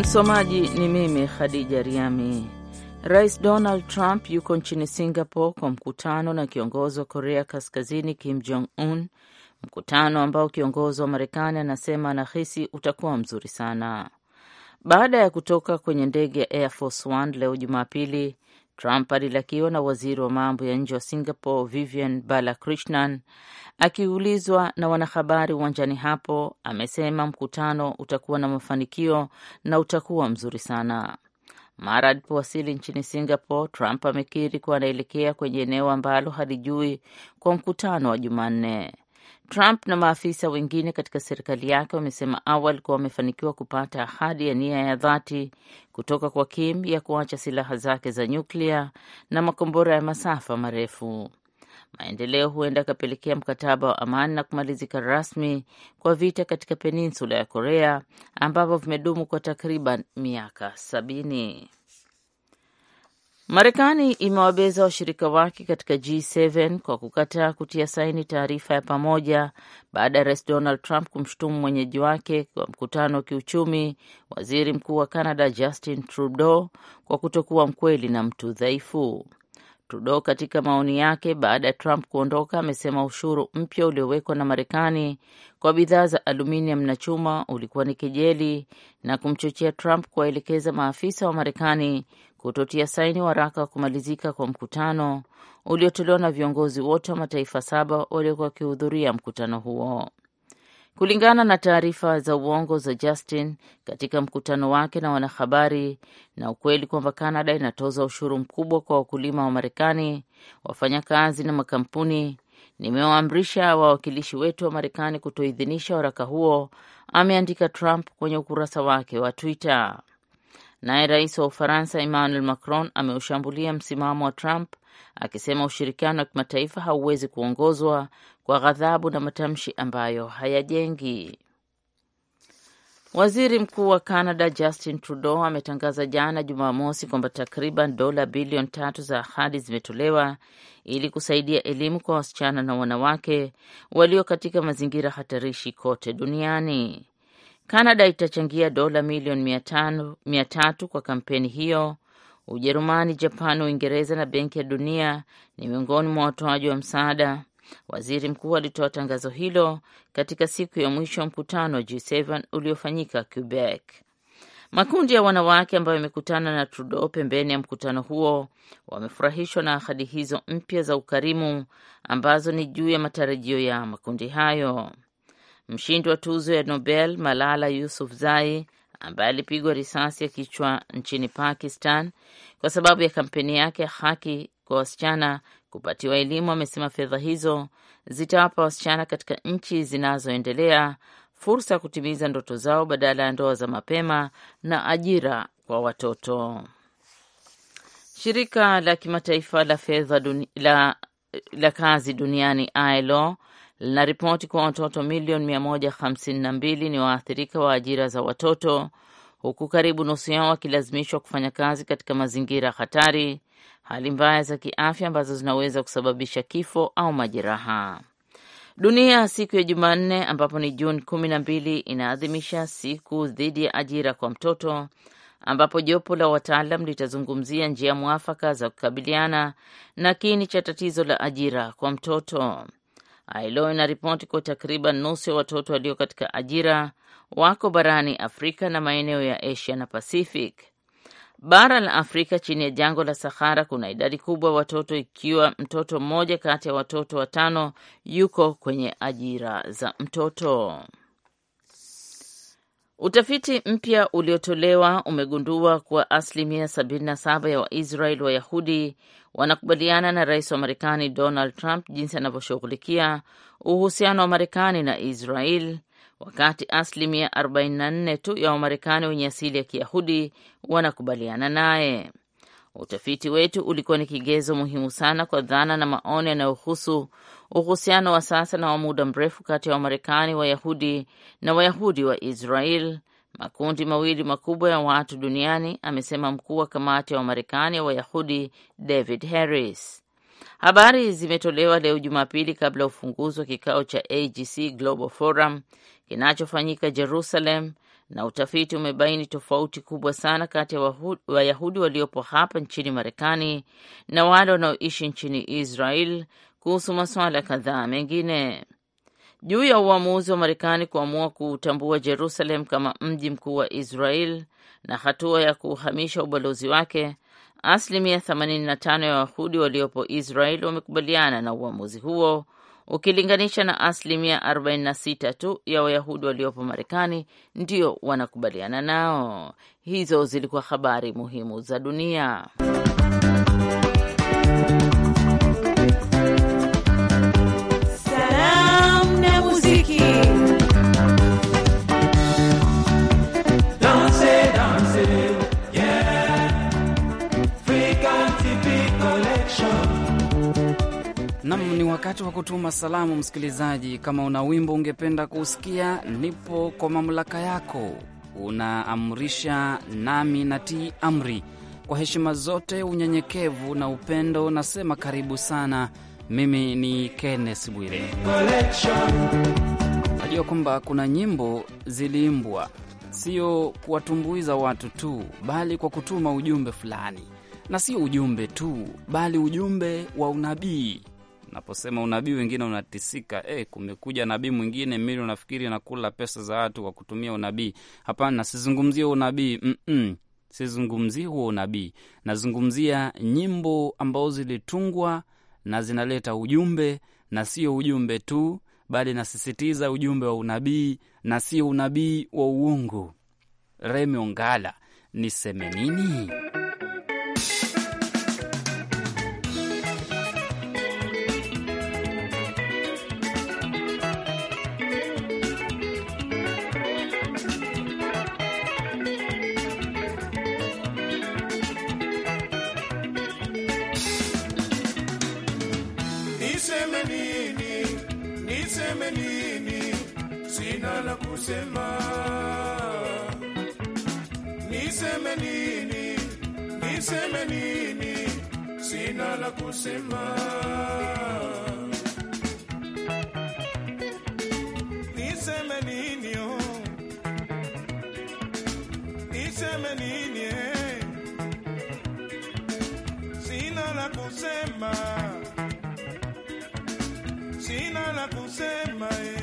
Msomaji ni mimi Khadija Riami. Rais Donald Trump yuko nchini Singapore kwa mkutano na kiongozi wa Korea Kaskazini Kim Jong Un, mkutano ambao kiongozi wa Marekani anasema anahisi utakuwa mzuri sana. Baada ya kutoka kwenye ndege ya Air Force One leo Jumapili, Trump alilakiwa na waziri wa mambo ya nje wa Singapore Vivian Balakrishnan akiulizwa na wanahabari uwanjani hapo, amesema mkutano utakuwa na mafanikio na utakuwa mzuri sana. Mara alipowasili nchini Singapore, Trump amekiri kuwa anaelekea kwenye eneo ambalo halijui kwa mkutano wa Jumanne. Trump na maafisa wengine katika serikali yake wamesema awali kuwa wamefanikiwa kupata ahadi ya nia ya dhati kutoka kwa Kim ya kuacha silaha zake za nyuklia na makombora ya masafa marefu. Maendeleo huenda yakapelekea mkataba wa amani na kumalizika rasmi kwa vita katika peninsula ya Korea ambavyo vimedumu kwa takriban miaka sabini. Marekani imewabeza washirika wake katika G7 kwa kukataa kutia saini taarifa ya pamoja baada ya Rais Donald Trump kumshutumu mwenyeji wake kwa mkutano wa kiuchumi, Waziri Mkuu wa Canada Justin Trudeau kwa kutokuwa mkweli na mtu dhaifu. Trudeau katika maoni yake baada ya Trump kuondoka amesema ushuru mpya uliowekwa na Marekani kwa bidhaa za aluminium na chuma ulikuwa ni kejeli na kumchochea Trump kuwaelekeza maafisa wa Marekani kutotia saini waraka wa kumalizika kwa mkutano uliotolewa na viongozi wote wa mataifa saba waliokuwa wakihudhuria mkutano huo. Kulingana na taarifa za uongo za Justin katika mkutano wake na wanahabari, na ukweli kwamba Kanada inatoza ushuru mkubwa kwa wakulima wa Marekani, wafanyakazi na makampuni, nimewaamrisha wawakilishi wetu wa Marekani kutoidhinisha waraka huo, ameandika Trump kwenye ukurasa wake wa Twitter. Naye rais wa Ufaransa Emmanuel Macron ameushambulia msimamo wa Trump akisema ushirikiano wa kimataifa hauwezi kuongozwa kwa ghadhabu na matamshi ambayo hayajengi. Waziri mkuu wa Canada Justin Trudeau ametangaza jana Jumamosi kwamba takriban dola bilioni tatu za ahadi zimetolewa ili kusaidia elimu kwa wasichana na wanawake walio katika mazingira hatarishi kote duniani. Kanada itachangia dola milioni mia tatu kwa kampeni hiyo. Ujerumani, Japan, Uingereza na Benki ya Dunia ni miongoni mwa watoaji wa msaada. Waziri mkuu alitoa tangazo hilo katika siku ya mwisho wa mkutano wa G7 uliofanyika Quebec. Makundi ya wanawake ambayo yamekutana na Trudeau pembeni ya mkutano huo wamefurahishwa na ahadi hizo mpya za ukarimu ambazo ni juu ya matarajio ya makundi hayo. Mshindi wa tuzo ya Nobel Malala Yousafzai ambaye alipigwa risasi ya kichwa nchini Pakistan kwa sababu ya kampeni yake ya haki kwa wasichana kupatiwa elimu, amesema fedha hizo zitawapa wasichana katika nchi zinazoendelea fursa ya kutimiza ndoto zao badala ya ndoa za mapema na ajira kwa watoto. Shirika la kimataifa la fedha la, la kazi duniani ILO linaripoti kuwa watoto milioni 152 ni waathirika wa ajira za watoto, huku karibu nusu yao wakilazimishwa kufanya kazi katika mazingira hatari, hali mbaya za kiafya ambazo zinaweza kusababisha kifo au majeraha. Dunia siku ya Jumanne, ambapo ni Juni kumi na mbili, inaadhimisha siku dhidi ya ajira kwa mtoto, ambapo jopo la wataalam litazungumzia njia mwafaka za kukabiliana na kiini cha tatizo la ajira kwa mtoto. ILO inaripoti kwa takriban nusu ya watoto walio katika ajira wako barani Afrika na maeneo ya Asia na Pacific. Bara la Afrika chini ya jangwa la Sahara kuna idadi kubwa ya watoto, ikiwa mtoto mmoja kati ya watoto watano yuko kwenye ajira za mtoto. Utafiti mpya uliotolewa umegundua kuwa asilimia 77 ya waisrael Wayahudi wanakubaliana na rais wa Marekani Donald Trump jinsi anavyoshughulikia uhusiano wa Marekani na Israel, wakati asilimia 44 tu ya Wamarekani wenye asili ya Kiyahudi wanakubaliana naye. Utafiti wetu ulikuwa ni kigezo muhimu sana kwa dhana na maoni yanayohusu uhusiano wa sasa na wa muda mrefu kati ya Wamarekani Wayahudi na Wayahudi wa Israel, makundi mawili makubwa ya watu duniani, amesema mkuu wa kamati ya Wamarekani ya Wayahudi David Harris. Habari zimetolewa leo Jumapili kabla ya ufunguzi wa kikao cha AGC Global Forum kinachofanyika Jerusalem, na utafiti umebaini tofauti kubwa sana kati ya Wayahudi waliopo hapa nchini Marekani na wale wanaoishi nchini Israel kuhusu masuala kadhaa mengine juu ya uamuzi wa Marekani kuamua kuutambua Jerusalem kama mji mkuu wa Israel na hatua ya kuhamisha ubalozi wake. Asilimia 85 ya Wayahudi waliopo Israel wamekubaliana na uamuzi huo ukilinganisha na asilimia 46 tu ya Wayahudi waliopo Marekani ndio wanakubaliana nao. Hizo zilikuwa habari muhimu za dunia. Nam, ni wakati wa kutuma salamu. Msikilizaji, kama una wimbo ungependa kuusikia, nipo kwa mamlaka yako. Unaamrisha nami na tii amri. Kwa heshima zote, unyenyekevu na upendo, nasema karibu sana. Mimi ni Kenneth Bwire. Unajua kwamba kuna nyimbo ziliimbwa sio kuwatumbuiza watu tu, bali kwa kutuma ujumbe fulani, na sio ujumbe tu, bali ujumbe wa unabii. Naposema unabii, wengine unatisika, eh, kumekuja nabii mwingine, mili unafikiri nakula pesa za watu kwa kutumia unabii. Hapana, sizungumzie unabii mm -mm. Sizungumzie huo unabii, nazungumzia nyimbo ambazo zilitungwa na zinaleta ujumbe, na sio ujumbe tu, bali inasisitiza ujumbe wa unabii na sio unabii wa uongo. Remi Ongala, niseme nini? na kusema niseme nini, niseme nini, sina la kusema niseme nini, oh. niseme nini eh? sina la kusema, sina la kusema eh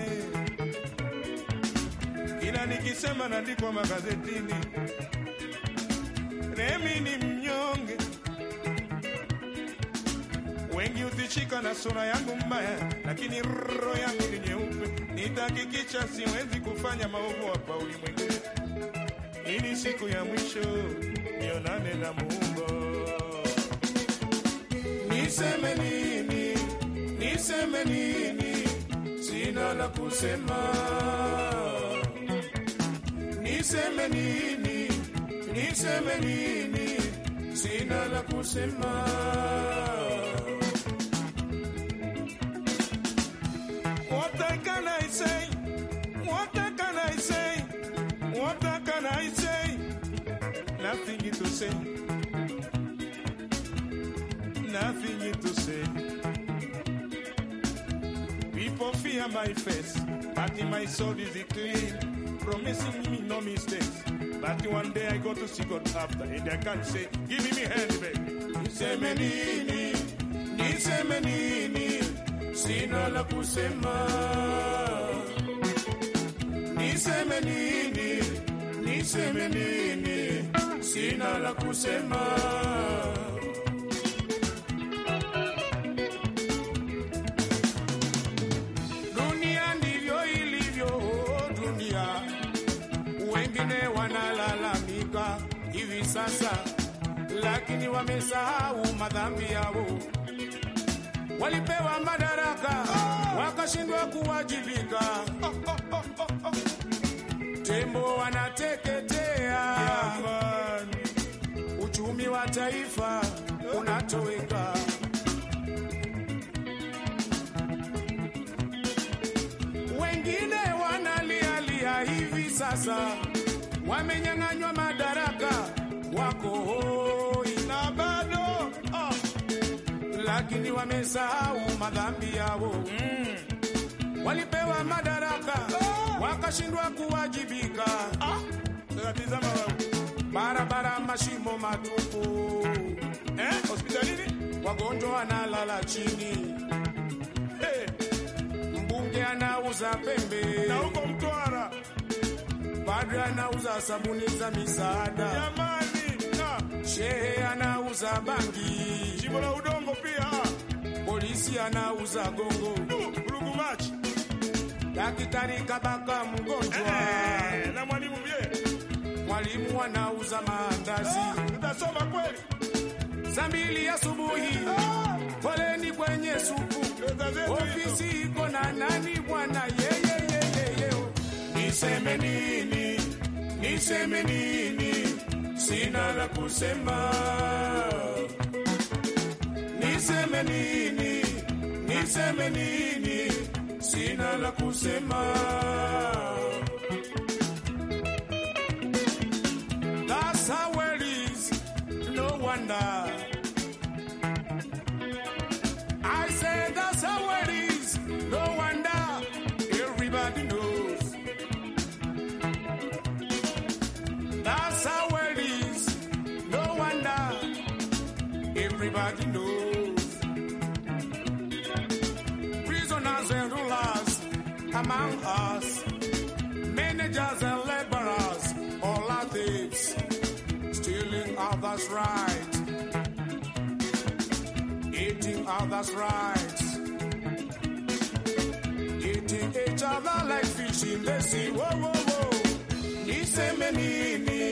nikisema nandikwa magazetini. Nemi ni mnyonge, wengi utichika na sura yangu mbaya, lakini roho yangu ni nyeupe. Nitahakikisha siwezi kufanya maovu hapa ulimwenguni. Hii ni siku ya mwisho, nionane na Mungu. Niseme nini? Niseme nini? Sina la kusema. niseme nini, niseme nini, sina la kusema. What can I say? What can I say? What can I say? Nothing to say. Nothing to say. People fear my face, but in my soul is it clean promising me no mistakes. But one day I go to see God after, and I can't say, Give me hand, baby. Nisemenini, nisemenini, sina la kusema. Nisemenini, nisemenini, sina la kusema. lakini wamesahau madhambi yao. Walipewa madaraka wakashindwa kuwajibika. Tembo wanateketea, uchumi wa taifa unatoweka. wamesahau madhambi yao mm. Walipewa madaraka oh. Wakashindwa kuwajibika ah. Barabara mashimo matupu eh? Hospitalini wagonjwa wanalala chini hey. Mbunge anauza pembe na huko Mtwara, padre anauza sabuni za misaada jamani, shehe anauza bangi, jimbo la udongo pia polisi anauza gongo, burugu machi, kabaka mgonjwa hey, eh, na mwalimu vye mwalimu anauza maandazi oh, ah, utasoma kweli zambili mbili asubuhi ah. poleni kwenye supu ofisi iko na nani bwana yeyeyeyeye niseme nini niseme nini sina la kusema niseme nini, niseme nini, sina la kusema. among us, managers and laborers, all are thieves, stealing others' rights, eating others' rights, eating each other like fish in the sea. Whoa, whoa, whoa. Nisemenini,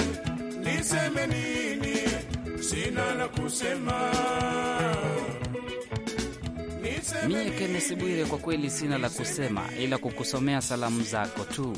nisemenini, sina na kusema. Mie Kenesi Bwire, kwa kweli sina la kusema ila kukusomea salamu zako tu.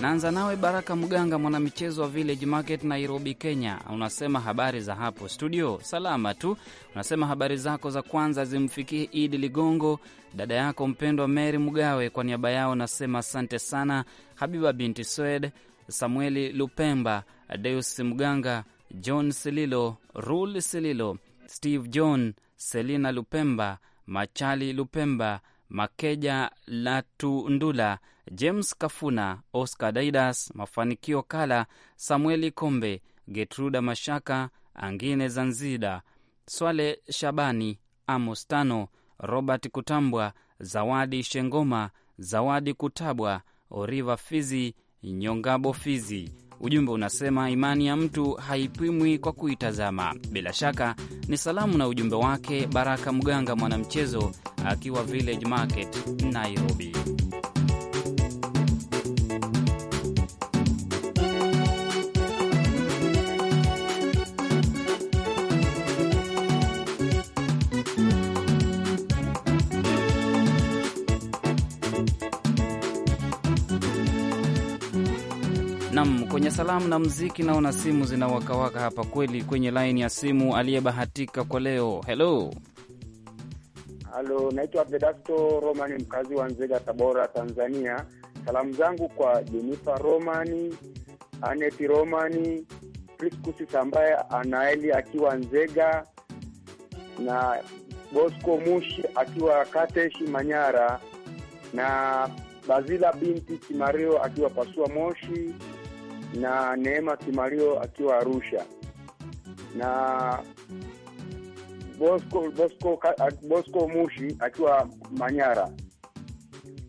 Naanza nawe Baraka Mganga, mwanamichezo wa Village Market, Nairobi, Kenya. Unasema habari za hapo studio? Salama tu. Unasema habari zako za kwanza zimfikie Idi Ligongo, dada yako mpendwa Mary Mgawe. Kwa niaba yao nasema asante sana, Habiba binti Swed, Samueli Lupemba, Deus Mganga, John Sililo, Rul Sililo, Steve John, Selina Lupemba Machali Lupemba, Makeja Latundula, James Kafuna, Oscar Daidas, Mafanikio Kala, Samueli Kombe, Getruda Mashaka, Angine Zanzida, Swale Shabani, Amos Tano, Robert Kutambwa, Zawadi Shengoma, Zawadi Kutabwa, Oriva Fizi, Nyongabo Fizi. Ujumbe unasema imani ya mtu haipimwi kwa kuitazama. Bila shaka ni salamu na ujumbe wake Baraka Mganga, mwanamchezo akiwa Village Market, Nairobi. kwenye salamu na mziki, naona simu zinawakawaka hapa kweli. Kwenye laini ya simu aliyebahatika kwa leo. Helo, halo, naitwa Vedasto Romani, mkazi wa Nzega, Tabora, Tanzania. Salamu zangu kwa Jenifa Romani, Aneti Romani, Priskusi ambaye Anaeli akiwa Nzega na Bosco Mushi akiwa Kateshi Manyara na Bazila binti Kimario akiwa Pasua Moshi na Neema Kimario akiwa Arusha na Bosco, Bosco, Bosco Mushi akiwa Manyara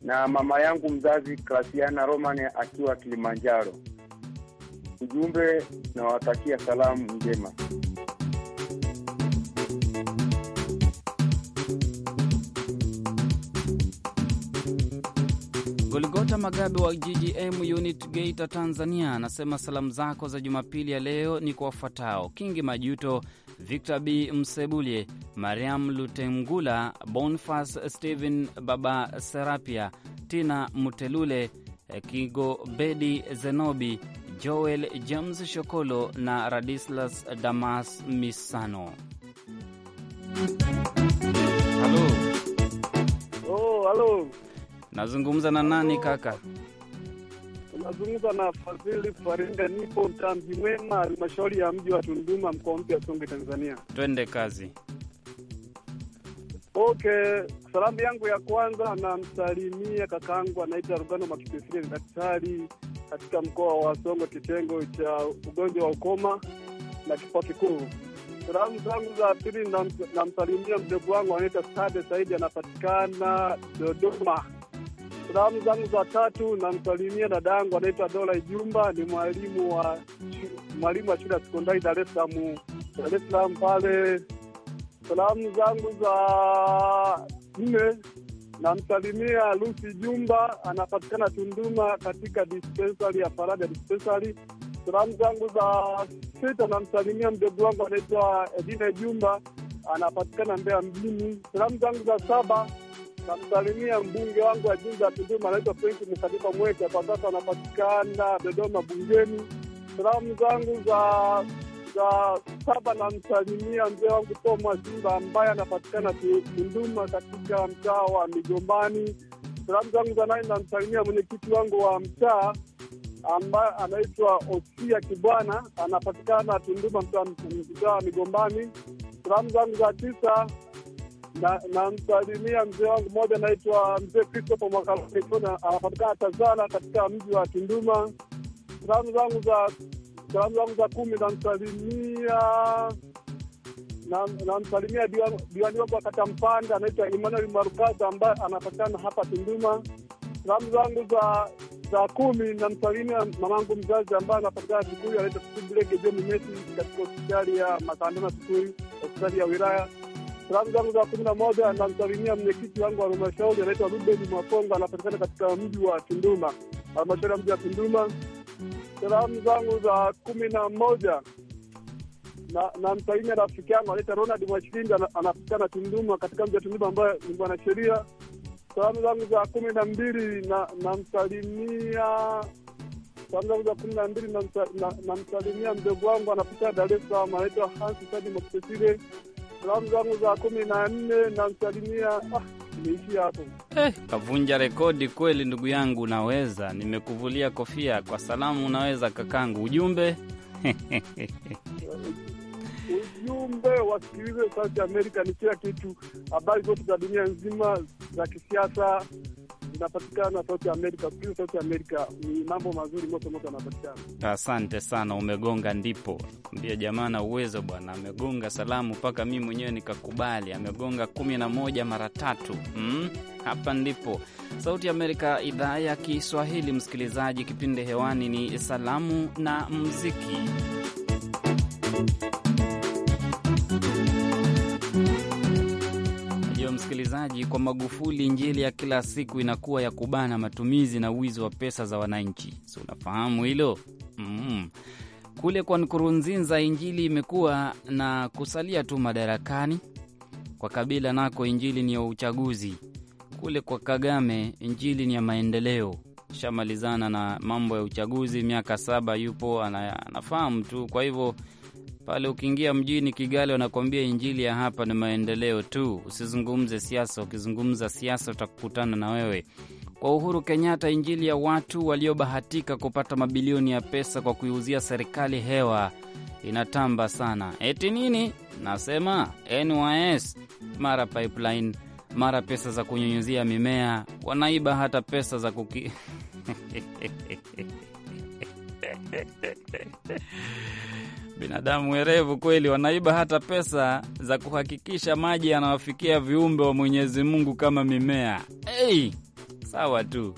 na mama yangu mzazi Klasiana Roman akiwa Kilimanjaro. Ujumbe, nawatakia salamu njema. Walter Magabe wa GGM unit Geita, Tanzania, anasema salamu zako za Jumapili ya leo ni kwa wafuatao: Kingi Majuto, Victor B Msebulye, Mariam Lutengula, Bonfas Stephen, Baba Serapia, Tina Mutelule, Kigobedi Zenobi, Joel James Shokolo na Radislas Damas Misano. Halo. Oh, halo. Nazungumza na nani kaka? Nazungumza na Fadhili Faringa, nipo mtambi mwema, halmashauri ya mji wa Tunduma, mkoa mpya Songwe, Tanzania. Twende kazi. Okay, salamu yangu ya kwanza namsalimia kakaangu anaitwa Rugano Makipesile, ni daktari katika mkoa wa Songwe, kitengo cha ugonjwa wa ukoma na kifua kikuu. Salamu zangu za pili namsalimia mdogo wangu anaitwa Sade Saidi, anapatikana Dodoma Salamu zangu za tatu namsalimia dada yangu anaitwa Dola Ijumba, ni mwalimu wa mwalimu wa shule ya sekondari Dar es Salaam, Dar es Salaam pale. Salamu zangu za nne namsalimia Lusi Jumba, anapatikana Tunduma katika dispensari ya Faraja dispensari. Salamu zangu za sita namsalimia mdogo wangu anaitwa Edina Jumba, anapatikana Mbeya mjini. Salamu zangu za saba namsalimia mbunge wangu wa jimbo ya Tunduma, anaitwa Frenki Mkadipa Mwete, kwa sasa anapatikana Dodoma bungeni. Salamu zangu za za saba namsalimia mzee wangu Toma Simba ambaye anapatikana Tunduma katika mtaa wa Migombani. Salamu zangu za nane namsalimia mwenyekiti wangu wa mtaa ambaye anaitwa Osia Kibwana, anapatikana Tunduma mtaa wa Migombani. Salamu zangu za tisa namsalimia mzee wangu mmoja anaitwa mzee Christopher Mwakaloni, anapatikana Tazara katika mji wa Tunduma. Salamu zangu za salamu zangu za kumi namsalimia namsalimia diwani wangu wa Mpanda anaitwa Emmanuel Marukaza ambaye anapatikana hapa Tunduma. Salamu zangu za za kumi namsalimia mamangu mzazi ambaye anapatikana Tukuyu anaitwa Sibilege John Mesi katika hospitali ya Makandana Tukuyu, hospitali ya wilaya Salamu zangu za kumi na moja namsalimia mwenyekiti wangu wa halmashauri anaitwa Rubeni Mwakongo, anapatikana katika mji wa Tunduma, halmashauri ya mji wa Tunduma. Salamu zangu za kumi na moja namsalimia rafiki yangu anaitwa Ronald Mwashilindi, anapatikana Tunduma, katika mji wa Tunduma, ambaye ni mwanasheria. Salamu zangu za kumi na mbili namsalimia salamu zangu za kumi na mbili namsalimia mdogo wangu anapatikana Dar es Salaam, anaitwa Hansi Sadi Mokutesile. Salamu zangu za kumi na nne namsalimia ah, hapo. Eh, kavunja rekodi kweli, ndugu yangu, naweza nimekuvulia kofia kwa salamu. Unaweza kakangu, ujumbe ujumbe wasikilize Sauti Amerika, ni kila kitu, habari zote za dunia nzima za kisiasa inapatikana Sauti ya Amerika, pia Sauti Amerika ni mambo mazuri moto moto anapatikana. Asante sana, umegonga ndipo mbia jamaa na uwezo bwana, amegonga salamu mpaka mi mwenyewe nikakubali, amegonga kumi na moja mara tatu. Mm, hapa ndipo Sauti ya Amerika, idhaa ya Kiswahili. Msikilizaji, kipindi hewani ni salamu na muziki. msikilizaji, kwa Magufuli injili ya kila siku inakuwa ya kubana matumizi na wizi wa pesa za wananchi. Si unafahamu hilo? Mm. Kule kwa Nkurunziza injili imekuwa na kusalia tu madarakani. Kwa Kabila nako injili ni ya uchaguzi. Kule kwa Kagame injili ni ya maendeleo. Shamalizana na mambo ya uchaguzi, miaka saba yupo anafahamu tu, kwa hivyo pale ukiingia mjini Kigali wanakuambia injili ya hapa ni maendeleo tu, usizungumze siasa. Ukizungumza siasa utakutana na wewe. Kwa Uhuru Kenyatta, injili ya watu waliobahatika kupata mabilioni ya pesa kwa kuiuzia serikali hewa inatamba sana. Eti nini? Nasema NYS mara pipeline, mara pesa za kunyunyuzia mimea, wanaiba hata pesa za kuki Binadamu werevu kweli, wanaiba hata pesa za kuhakikisha maji yanawafikia viumbe wa Mwenyezi Mungu kama mimea. Hey, sawa tu.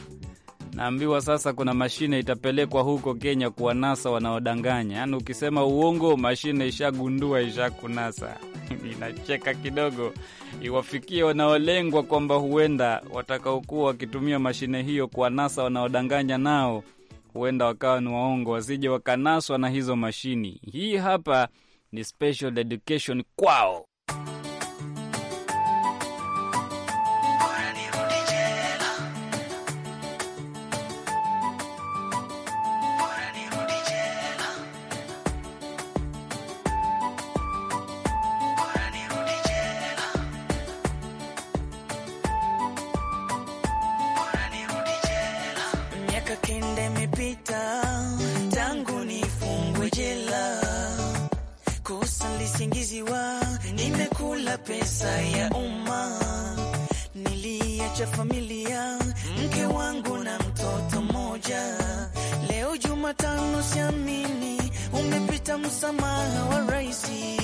Naambiwa sasa kuna mashine itapelekwa huko Kenya kuwanasa wanaodanganya. Yaani ukisema uongo, mashine ishagundua, ishakunasa. Inacheka kidogo, iwafikie wanaolengwa kwamba huenda watakaokuwa wakitumia mashine hiyo kuwanasa wanaodanganya nao huenda wakawa ni waongo, wasije wakanaswa na hizo mashini. Hii hapa ni special education kwao. pesa ya umma, niliacha familia, mke wangu na mtoto mmoja. Leo Jumatano, siamini umepita msamaha wa raisi.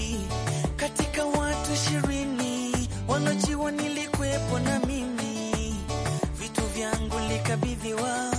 Katika watu ishirini wanaojiwa, nilikwepo na mimi, vitu vyangu likabidhiwa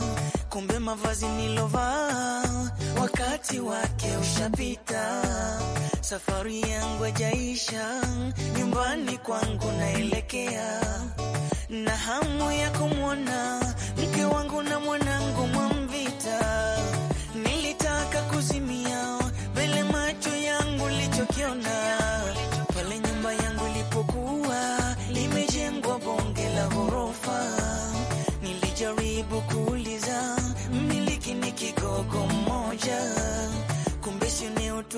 kumbe mavazi nilovaa wakati wake ushapita, safari yangu ajaisha, nyumbani kwangu naelekea na hamu ya kumwona mke wangu na mwanangu Mwamvita. Nilitaka kuzimia mbele macho yangu lichokiona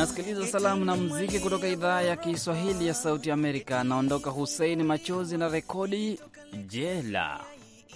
Unasikiliza salamu na mziki kutoka idhaa ya Kiswahili ya Sauti Amerika. Naondoka husein Machozi na rekodi jela.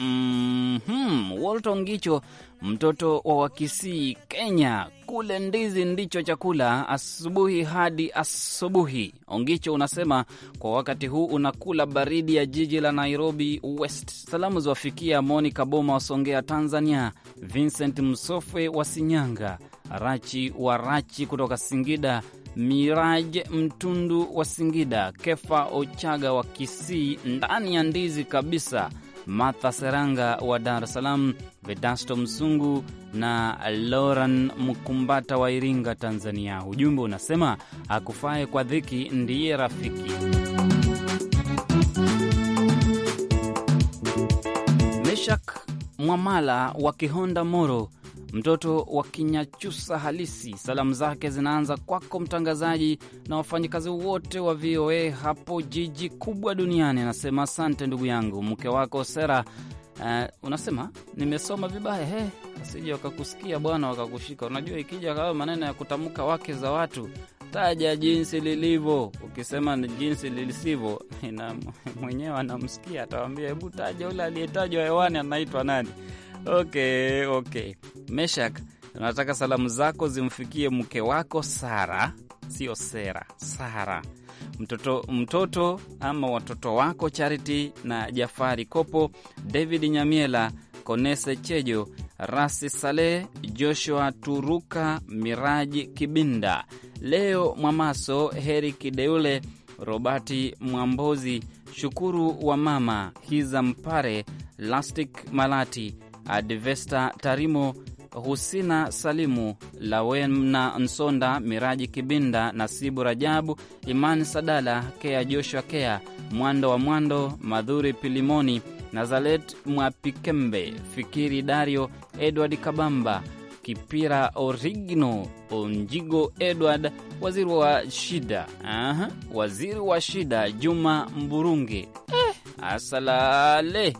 Mm -hmm. Walton Ngicho, mtoto wa Wakisii, Kenya. Kule ndizi ndicho chakula asubuhi hadi asubuhi. Ongicho unasema kwa wakati huu unakula baridi ya jiji la Nairobi West. Salamu ziwafikia Monica Boma wa Songea, Tanzania, Vincent Msofwe wa Sinyanga, Rachi wa Rachi kutoka Singida, Miraj Mtundu wa Singida, Kefa Ochaga wa Kisii, ndani ya ndizi kabisa, Martha Seranga wa Dar es Salaam, Vedasto Msungu na Loran Mkumbata wa Iringa, Tanzania. Ujumbe unasema akufaye kwa dhiki ndiye rafiki. Meshak Mwamala wa Kihonda, Moro mtoto wa kinyachusa halisi. Salamu zake zinaanza kwako mtangazaji na wafanyakazi wote wa VOA hapo jiji kubwa duniani. Anasema asante ndugu yangu. Mke wako Sera uh, eh, unasema nimesoma vibaya, he, asije wakakusikia bwana wakakushika. Unajua ikija kawa maneno ya kutamka wake za watu taja jinsi lilivyo, ukisema ni jinsi lilisivyo, mwenyewe anamsikia atawambia, hebu taja ule aliyetajwa hewani anaitwa nani? Okay, okay. Meshak, nataka salamu zako zimfikie mke wako Sara, sio Sera, Sara, mtoto, mtoto ama watoto wako Charity na Jafari Kopo, David Nyamiela, Konese Chejo, Rasi Saleh, Joshua Turuka, Miraji Kibinda, Leo Mwamaso, Heri Kideule, Robati Mwambozi, Shukuru wa mama Hiza Mpare, Lastic Malati Advesta Tarimo, Husina Salimu, Lawena Nsonda, Miraji Kibinda, Nasibu Rajabu, Imani Sadala, Kea Joshua, Kea Mwando wa Mwando, Madhuri Pilimoni, Nazaret Mwapikembe, Fikiri Dario, Edward Kabamba, Kipira Origino, Onjigo Edward, waziri wa shida. Aha, waziri wa shida Juma Mburungi, eh, asalale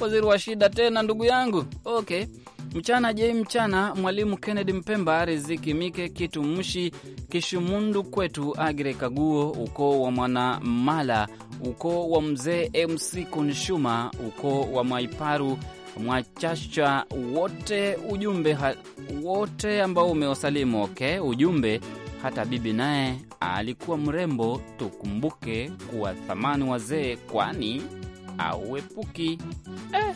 waziri wa shida tena, ndugu yangu. Okay. Mchana jei, mchana Mwalimu Kennedy Mpemba, Riziki Mike Kitu Mshi Kishumundu Kwetu, agre Kaguo, ukoo wa Mwana Mala, ukoo wa Mzee MC Kunshuma, ukoo wa Mwaiparu Mwachacha, wote ujumbe ha, wote ambao umewasalimu. Okay, ujumbe hata bibi naye alikuwa mrembo, tukumbuke kuwa thamani wazee, kwani auepuki eh.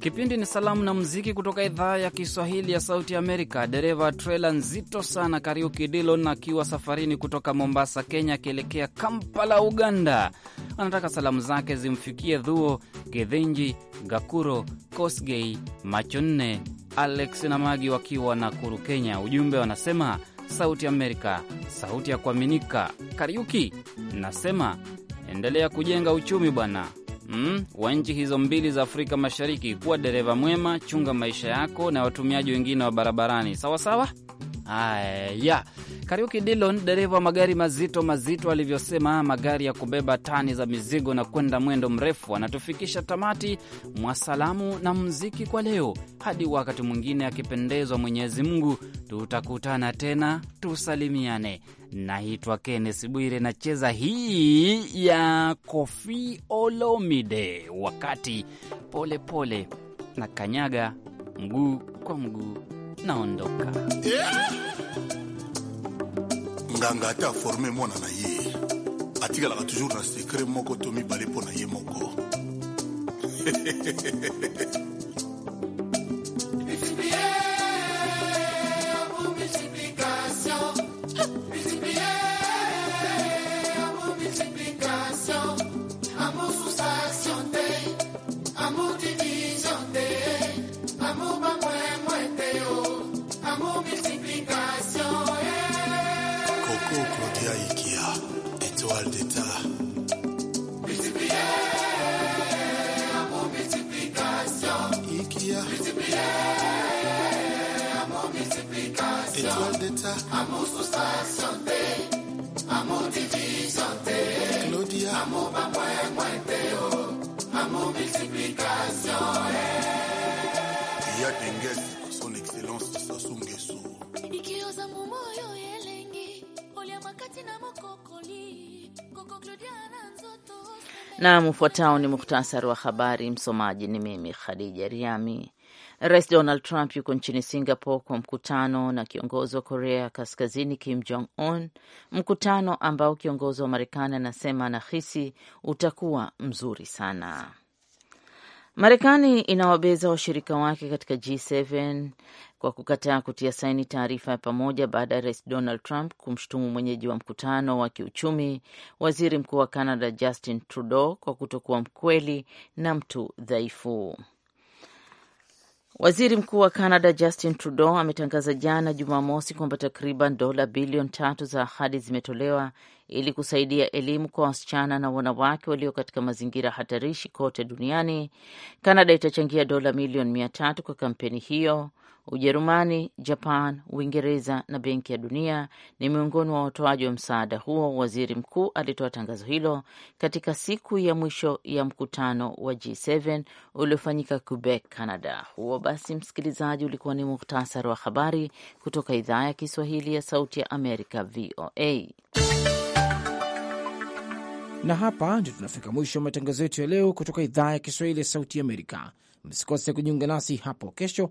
Kipindi ni salamu na muziki kutoka idhaa ya Kiswahili ya Sauti Amerika. Dereva trela nzito sana Kariuki Dilon akiwa safarini kutoka Mombasa, Kenya, akielekea Kampala, Uganda, anataka salamu zake zimfikie Dhuo Gedhenji, Gakuro Kosgei, Macho Nne, Alex na Magi wakiwa Nakuru, Kenya. Ujumbe wanasema Sauti Amerika, sauti ya kuaminika. Kariuki nasema endelea kujenga uchumi bwana mm, wa nchi hizo mbili za Afrika Mashariki. Kuwa dereva mwema, chunga maisha yako na watumiaji wengine wa barabarani, sawasawa sawa? Haya, Kariuki dilon dereva magari mazito mazito, alivyosema magari ya kubeba tani za mizigo na kwenda mwendo mrefu, anatufikisha tamati mwa salamu na mziki kwa leo. Hadi wakati mwingine, akipendezwa Mwenyezi Mungu, tutakutana tena, tusalimiane. Naitwa Kennes Bwire, nacheza hii ya kofi Olomide, wakati polepole pole na kanyaga mguu kwa mguu naondoka yeah! nganga ata aforme mwana na ye atikalaka toujours na sekre moko to mibale mpo na ye moko Concordia Ikea, étoile d'État. Étoile d'État. Amour social santé. Amour divine santé. Claudia. Amour pas moins moins théo. Amour multiplication. Il y a Dengues, son excellence Sassou Nguesso. Ikioza Momo. Nam, ufuatao ni muhtasari wa habari. Msomaji ni mimi Khadija Riami. Rais Donald Trump yuko nchini Singapore kwa mkutano na kiongozi wa Korea ya Kaskazini Kim Jong Un, mkutano ambao kiongozi wa Marekani anasema anahisi utakuwa mzuri sana. Marekani inawabeza washirika wake katika G7 kwa kukataa kutia saini taarifa ya pamoja baada ya rais Donald Trump kumshutumu mwenyeji wa mkutano wa kiuchumi, waziri mkuu wa Canada Justin Trudeau, kwa kutokuwa mkweli na mtu dhaifu. Waziri mkuu wa Canada Justin Trudeau ametangaza jana Jumamosi kwamba takriban dola bilioni tatu za ahadi zimetolewa ili kusaidia elimu kwa wasichana na wanawake walio katika mazingira hatarishi kote duniani. Canada itachangia dola milioni mia tatu kwa kampeni hiyo. Ujerumani, Japan, Uingereza na Benki ya Dunia ni miongoni wa watoaji wa msaada huo. Waziri mkuu alitoa tangazo hilo katika siku ya mwisho ya mkutano wa G7 uliofanyika Quebec, Canada. Huo basi, msikilizaji, ulikuwa ni muhtasari wa habari kutoka idhaa ya Kiswahili ya Sauti ya Amerika, VOA. Na hapa ndio tunafika mwisho wa matangazo yetu ya leo kutoka idhaa ya Kiswahili ya Sauti Amerika. Msikose kujiunga nasi hapo kesho